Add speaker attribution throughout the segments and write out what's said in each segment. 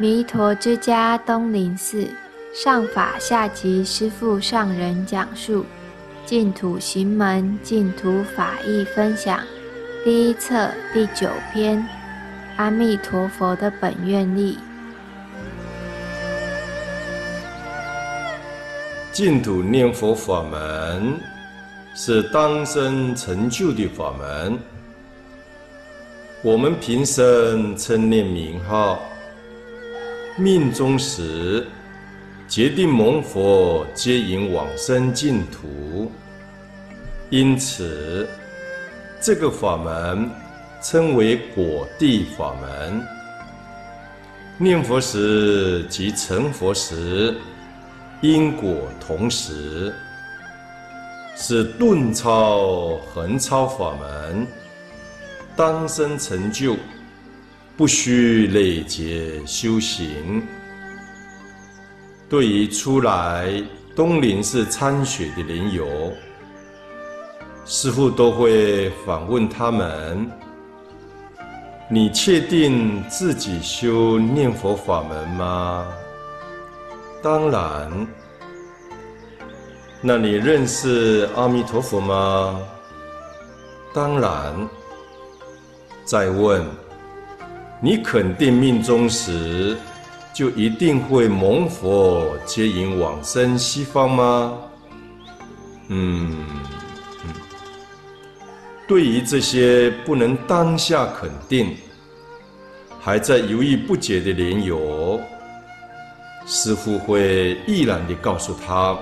Speaker 1: 彌陀之家東林寺上法下寂師父上人講述《淨土行門》淨土法義分享，第一冊第九篇《阿彌陀佛的本願力》。淨土念佛法門是當生成就的法門，我們平生稱念名號。命終時，決定蒙佛接引往生淨土。因此，這個法門稱為果地法門。念佛時即成佛時，因果同時，是頓超橫超法門，當生成就。不需累劫修行。對於初來東林寺參學的蓮友，師父都會反問他們：“你確定自己修念佛法門嗎？”“當然。”“那你認識阿彌陀佛嗎？”“當然。”再問。你肯定命終時，就一定會蒙佛接引往生西方嗎？嗯，對於這些不能當下肯定，還在猶豫不決的蓮友，師父會毅然地告訴他：“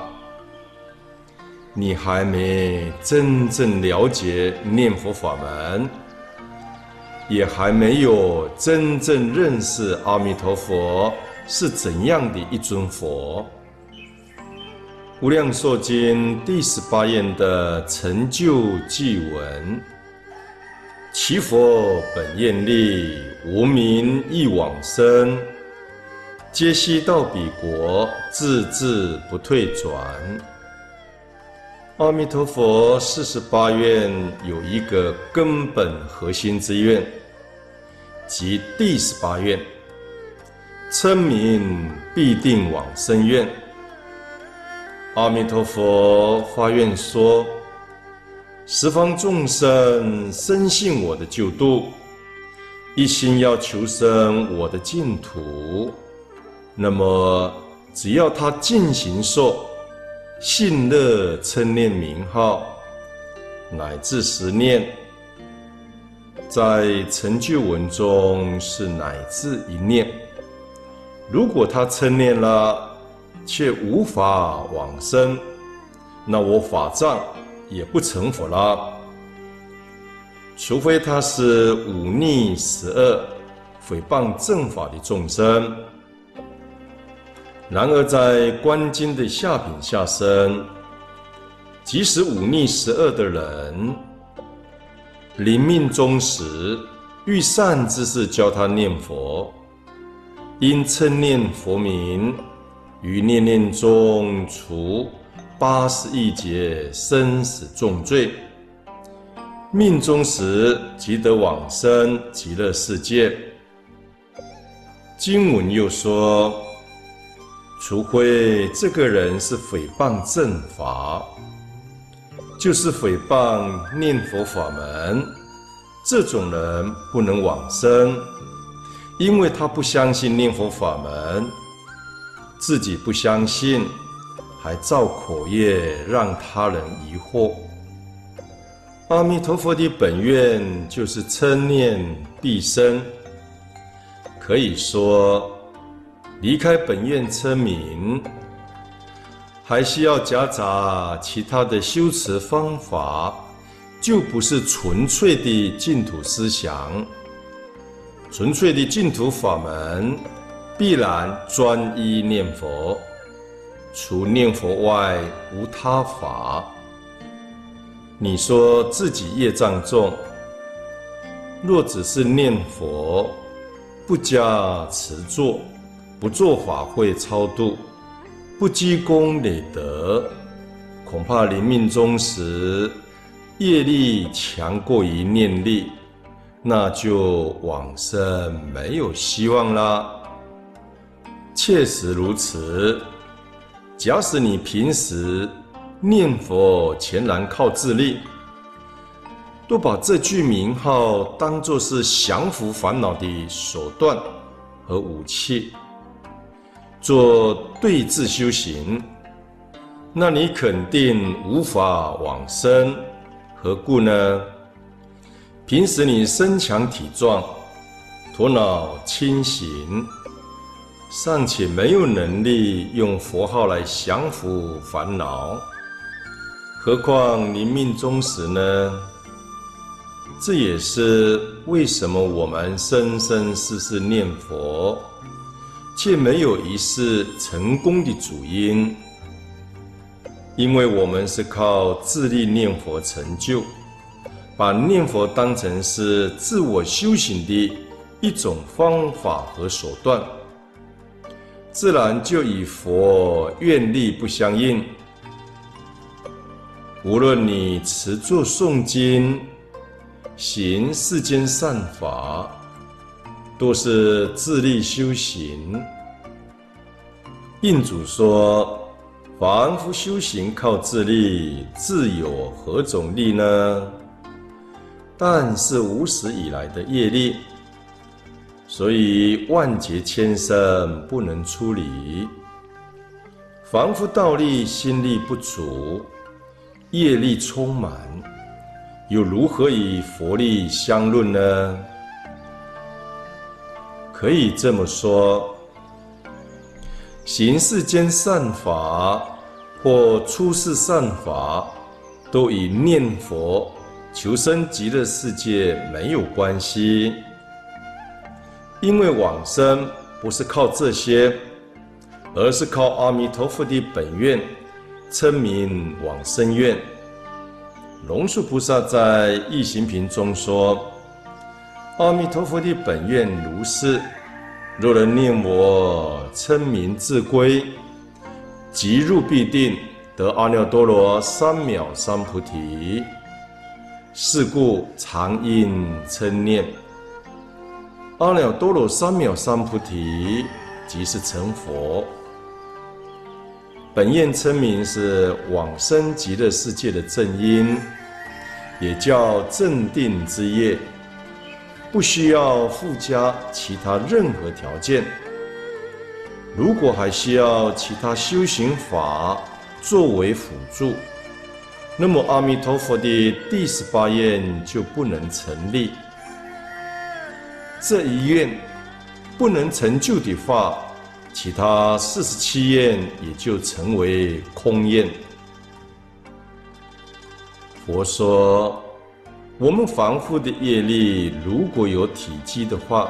Speaker 1: 你還沒真正了解念佛法門。”也還沒有真正認識阿彌陀佛是怎樣的一尊佛，《無量壽經》第十八願的成就偈文：“其佛本願力，聞名欲往生，皆悉到彼國，自致不退轉。”阿彌陀佛，四十八願有一個根本核心之願，即第十八願：稱名必定往生願。阿彌陀佛發願說，十方眾生深信我的救度，一心要求生我的淨土，那麼只要他進行受。信樂稱念名號，乃至十念，在成就文中是乃至一念。如果他稱念了，卻無法往生，那我法藏也不成佛了。除非他是五逆十惡、誹謗正法的眾生。然而，在觀經的下品下生，即使五逆十惡的人，臨命終時，遇善知識教他念佛，因稱念佛名，於念念中除八十億劫生死重罪，命終時即得往生極樂世界。經文又說。除非這個人是誹謗正法，就是誹謗念佛法門，這種人不能往生，因為他不相信念佛法門，自己不相信，還造口業讓他人疑惑。阿彌陀佛的本願就是稱念必生，可以說。離開本願稱名，還需要夾雜其他的修持方法，就不是純粹的淨土思想。純粹的淨土法門，必然專一念佛，除念佛外無他法。你說自己業障重，若只是念佛，不加持作，不做法會超度，不積功累德，恐怕臨命終時業力強過於念力，那就往生沒有希望啦。確實如此。假使你平時念佛全然靠自力，都把這句名號當作是降服煩惱的手段和武器。做對治修行，那你肯定無法往生。何故呢？平時你身強體壯，頭腦清醒，尚且沒有能力用佛號來降服煩惱。何況你命終時呢？這也是為什麼我們生生世世念佛。卻沒有一世成功的主因，因為我們是靠自力念佛成就，把念佛當成是自我修行的一種方法和手段，自然就與佛願力不相應。無論你持咒誦經、行世間善法。都是自力修行。印祖說：“凡夫修行靠自力，自有何種力呢？但是無始以來的業力，所以萬劫千生不能出離。凡夫道力心力不足，業力充滿，又如何與佛力相論呢？”可以這麼說，行世間善法或出世善法，都與念佛求生極樂世界沒有關係，因為往生不是靠這些，而是靠阿彌陀佛的本願，稱名往生願。龍樹菩薩在《易行品》中說。阿彌陀佛的本願如是，若能念我稱名自歸，即入必定得阿耨多羅三藐三菩提。是故常應稱念阿耨多羅三藐三菩提，即是成佛。本願稱名是往生極樂世界的正因，也叫正定之業。不需要附加其他任何條件，如果還需要其他修行法作為輔助，那麼阿彌陀佛的第十八願就不能成立。這一願不能成就的話，其他四十七願也就成為空願。佛說。我們凡夫的業力，如果有體積的話，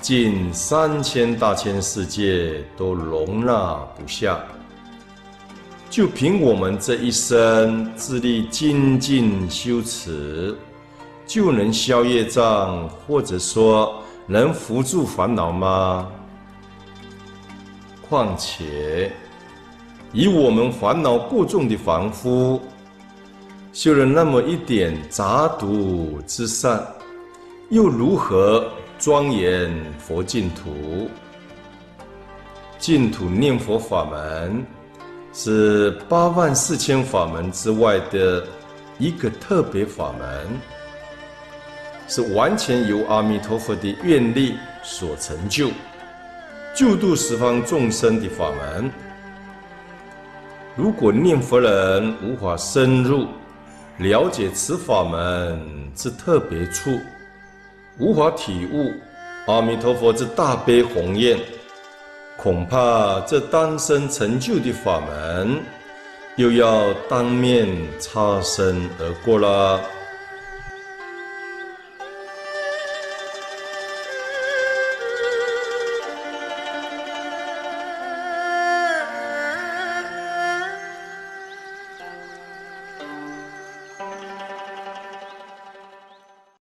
Speaker 1: 近三千大千世界都容納不下。就憑我們這一生自力精進修持，就能消業障，或者說能伏住煩惱嗎？況且，以我們煩惱過重的凡夫。修了那麼一點雜毒之善，又如何莊嚴佛淨土？淨土念佛法門是八萬四千法門之外的一個特別法門，是完全由阿彌陀佛的願力所成就，救度十方眾生的法門。如果念佛人無法深入，了解此法門之特別處，無法體悟阿彌陀佛之大悲宏願，恐怕這單生成就的法門，又要當面擦身而過了。